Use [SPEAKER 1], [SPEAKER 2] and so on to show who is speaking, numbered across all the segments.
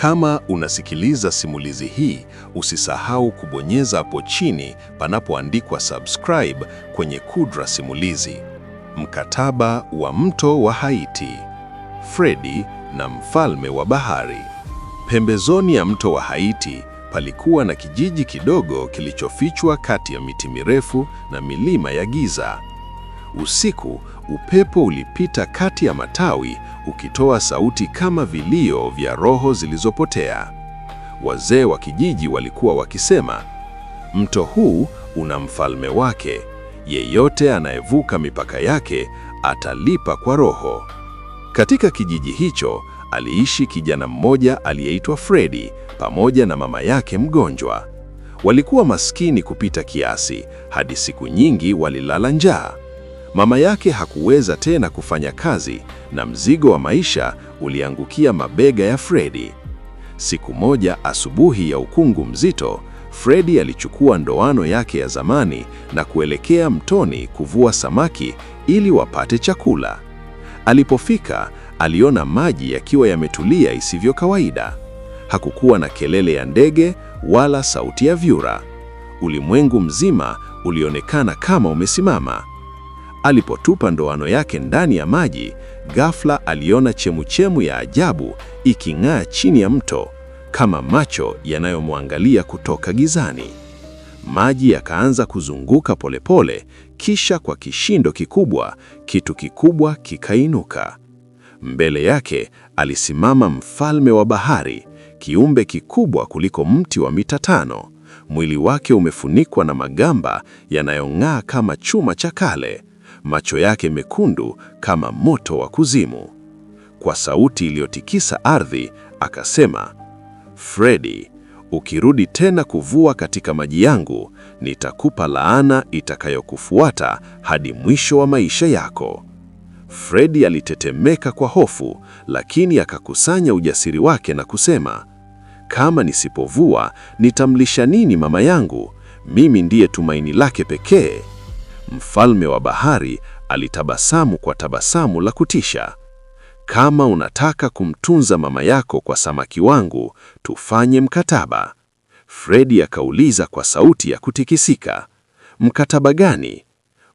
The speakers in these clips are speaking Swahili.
[SPEAKER 1] Kama unasikiliza simulizi hii, usisahau kubonyeza hapo chini panapoandikwa subscribe kwenye Kudra Simulizi. Mkataba wa Mto wa Haiti, Fredi na Mfalme wa Bahari. Pembezoni ya mto wa Haiti palikuwa na kijiji kidogo kilichofichwa kati ya miti mirefu na milima ya giza. Usiku upepo ulipita kati ya matawi ukitoa sauti kama vilio vya roho zilizopotea. Wazee wa kijiji walikuwa wakisema, mto huu una mfalme wake, yeyote anayevuka mipaka yake atalipa kwa roho. Katika kijiji hicho aliishi kijana mmoja aliyeitwa Fredi pamoja na mama yake mgonjwa. Walikuwa maskini kupita kiasi, hadi siku nyingi walilala njaa. Mama yake hakuweza tena kufanya kazi na mzigo wa maisha uliangukia mabega ya Fredi. Siku moja asubuhi ya ukungu mzito, Fredi alichukua ndoano yake ya zamani na kuelekea mtoni kuvua samaki ili wapate chakula. Alipofika, aliona maji yakiwa yametulia isivyo kawaida. Hakukuwa na kelele ya ndege wala sauti ya vyura. Ulimwengu mzima ulionekana kama umesimama. Alipotupa ndoano yake ndani ya maji, ghafla aliona chemuchemu ya ajabu iking'aa chini ya mto kama macho yanayomwangalia kutoka gizani. Maji yakaanza kuzunguka polepole, kisha kwa kishindo kikubwa, kitu kikubwa kikainuka. Mbele yake alisimama mfalme wa bahari, kiumbe kikubwa kuliko mti wa mita tano. Mwili wake umefunikwa na magamba yanayong'aa kama chuma cha kale macho yake mekundu kama moto wa kuzimu. Kwa sauti iliyotikisa ardhi akasema, Fredi, ukirudi tena kuvua katika maji yangu, nitakupa laana itakayokufuata hadi mwisho wa maisha yako. Fredi alitetemeka kwa hofu, lakini akakusanya ujasiri wake na kusema, kama nisipovua nitamlisha nini mama yangu? Mimi ndiye tumaini lake pekee. Mfalme wa bahari alitabasamu kwa tabasamu la kutisha. Kama unataka kumtunza mama yako kwa samaki wangu, tufanye mkataba. Fredi akauliza kwa sauti ya kutikisika, mkataba gani?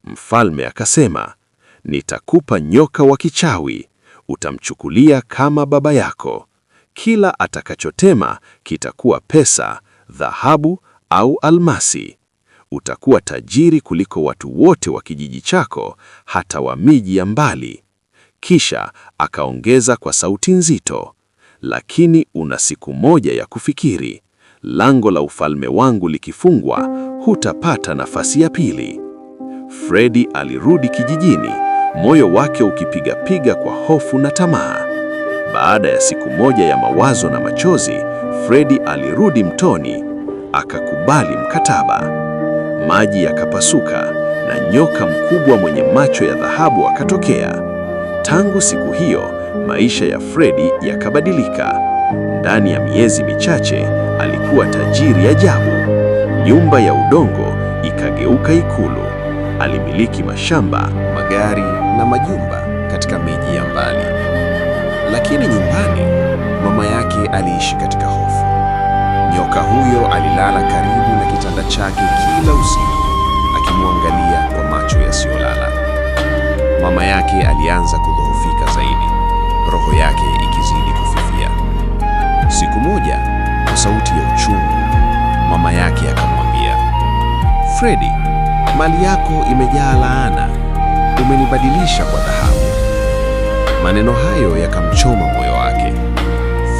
[SPEAKER 1] Mfalme akasema, nitakupa nyoka wa kichawi, utamchukulia kama baba yako. Kila atakachotema kitakuwa pesa, dhahabu au almasi utakuwa tajiri kuliko watu wote wa kijiji chako, hata wa miji ya mbali. Kisha akaongeza kwa sauti nzito, lakini una siku moja ya kufikiri. Lango la ufalme wangu likifungwa, hutapata nafasi ya pili. Fredi alirudi kijijini, moyo wake ukipigapiga kwa hofu na tamaa. Baada ya siku moja ya mawazo na machozi, Fredi alirudi mtoni, akakubali mkataba maji yakapasuka na nyoka mkubwa mwenye macho ya dhahabu akatokea. Tangu siku hiyo maisha ya fredi yakabadilika. Ndani ya miezi michache alikuwa tajiri ajabu. Nyumba ya udongo ikageuka ikulu. Alimiliki mashamba, magari na majumba katika miji ya mbali, lakini nyumbani mama yake aliishi katika hofu. Nyoka huyo alilala karibu na kitanda chake kila usiku, akimwangalia kwa macho yasiyolala. Mama yake alianza kudhoofika zaidi, roho yake ikizidi kufifia. Siku moja, kwa sauti ya uchungu, mama yake akamwambia, Fredi, mali yako imejaa laana, umenibadilisha kwa dhahabu. Maneno hayo yakamchoma moyo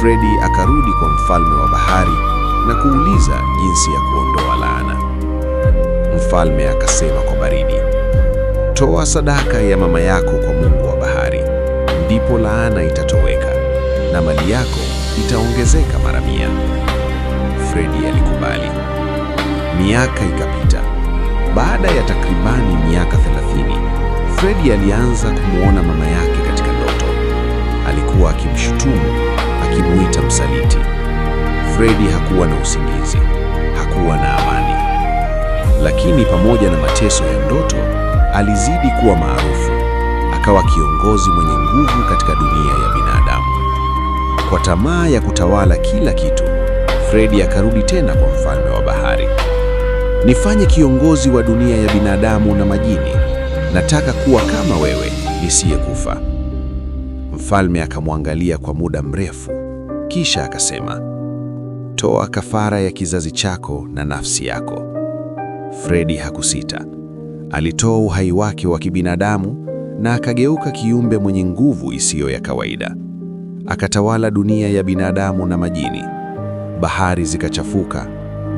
[SPEAKER 1] Fredi akarudi kwa mfalme wa bahari na kuuliza jinsi ya kuondoa laana. Mfalme akasema kwa baridi, toa sadaka ya mama yako kwa Mungu wa bahari, ndipo laana itatoweka na mali yako itaongezeka mara mia. Fredi alikubali. Miaka ikapita. Baada ya takribani miaka 30, Fredi alianza kumwona mama yake katika ndoto. Alikuwa akimshutumu akimuita msaliti. Fredi hakuwa na usingizi, hakuwa na amani. Lakini pamoja na mateso ya ndoto, alizidi kuwa maarufu. Akawa kiongozi mwenye nguvu katika dunia ya binadamu. Kwa tamaa ya kutawala kila kitu, Fredi akarudi tena kwa mfalme wa bahari. Nifanye kiongozi wa dunia ya binadamu na majini. Nataka kuwa kama wewe, nisiyekufa. Mfalme akamwangalia kwa muda mrefu. Kisha akasema, toa kafara ya kizazi chako na nafsi yako. Fredi hakusita, alitoa uhai wake wa kibinadamu na akageuka kiumbe mwenye nguvu isiyo ya kawaida. Akatawala dunia ya binadamu na majini. Bahari zikachafuka,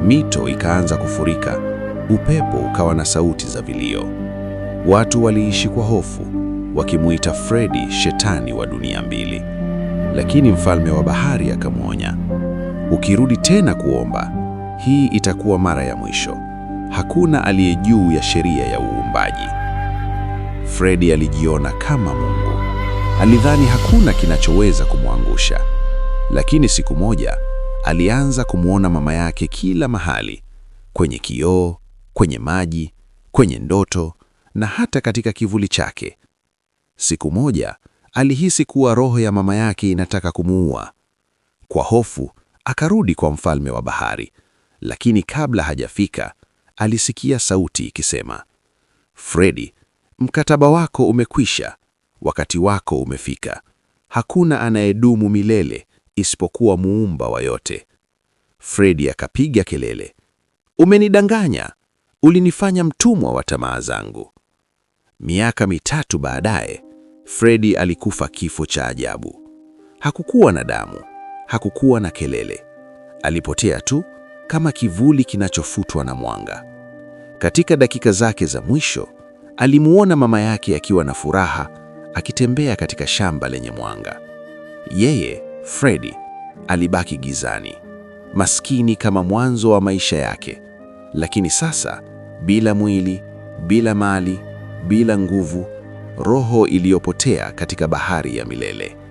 [SPEAKER 1] mito ikaanza kufurika, upepo ukawa na sauti za vilio. Watu waliishi kwa hofu, wakimuita Fredi shetani wa dunia mbili lakini mfalme wa bahari akamwonya, ukirudi tena kuomba, hii itakuwa mara ya mwisho. Hakuna aliye juu ya sheria ya uumbaji. Fredi alijiona kama Mungu. Alidhani hakuna kinachoweza kumwangusha. Lakini siku moja alianza kumwona mama yake kila mahali, kwenye kioo, kwenye maji, kwenye ndoto na hata katika kivuli chake. Siku moja alihisi kuwa roho ya mama yake inataka kumuua. Kwa hofu akarudi kwa mfalme wa bahari, lakini kabla hajafika alisikia sauti ikisema, Fredi, mkataba wako umekwisha, wakati wako umefika. Hakuna anayedumu milele isipokuwa muumba wa yote. Fredi akapiga kelele, umenidanganya, ulinifanya mtumwa wa tamaa zangu. Miaka mitatu baadaye Fredi alikufa kifo cha ajabu. Hakukuwa na damu, hakukuwa na kelele. Alipotea tu kama kivuli kinachofutwa na mwanga. Katika dakika zake za mwisho, alimuona mama yake akiwa na furaha akitembea katika shamba lenye mwanga. Yeye, Fredi, alibaki gizani, maskini kama mwanzo wa maisha yake. Lakini sasa bila mwili, bila mali, bila nguvu roho iliyopotea katika bahari ya milele.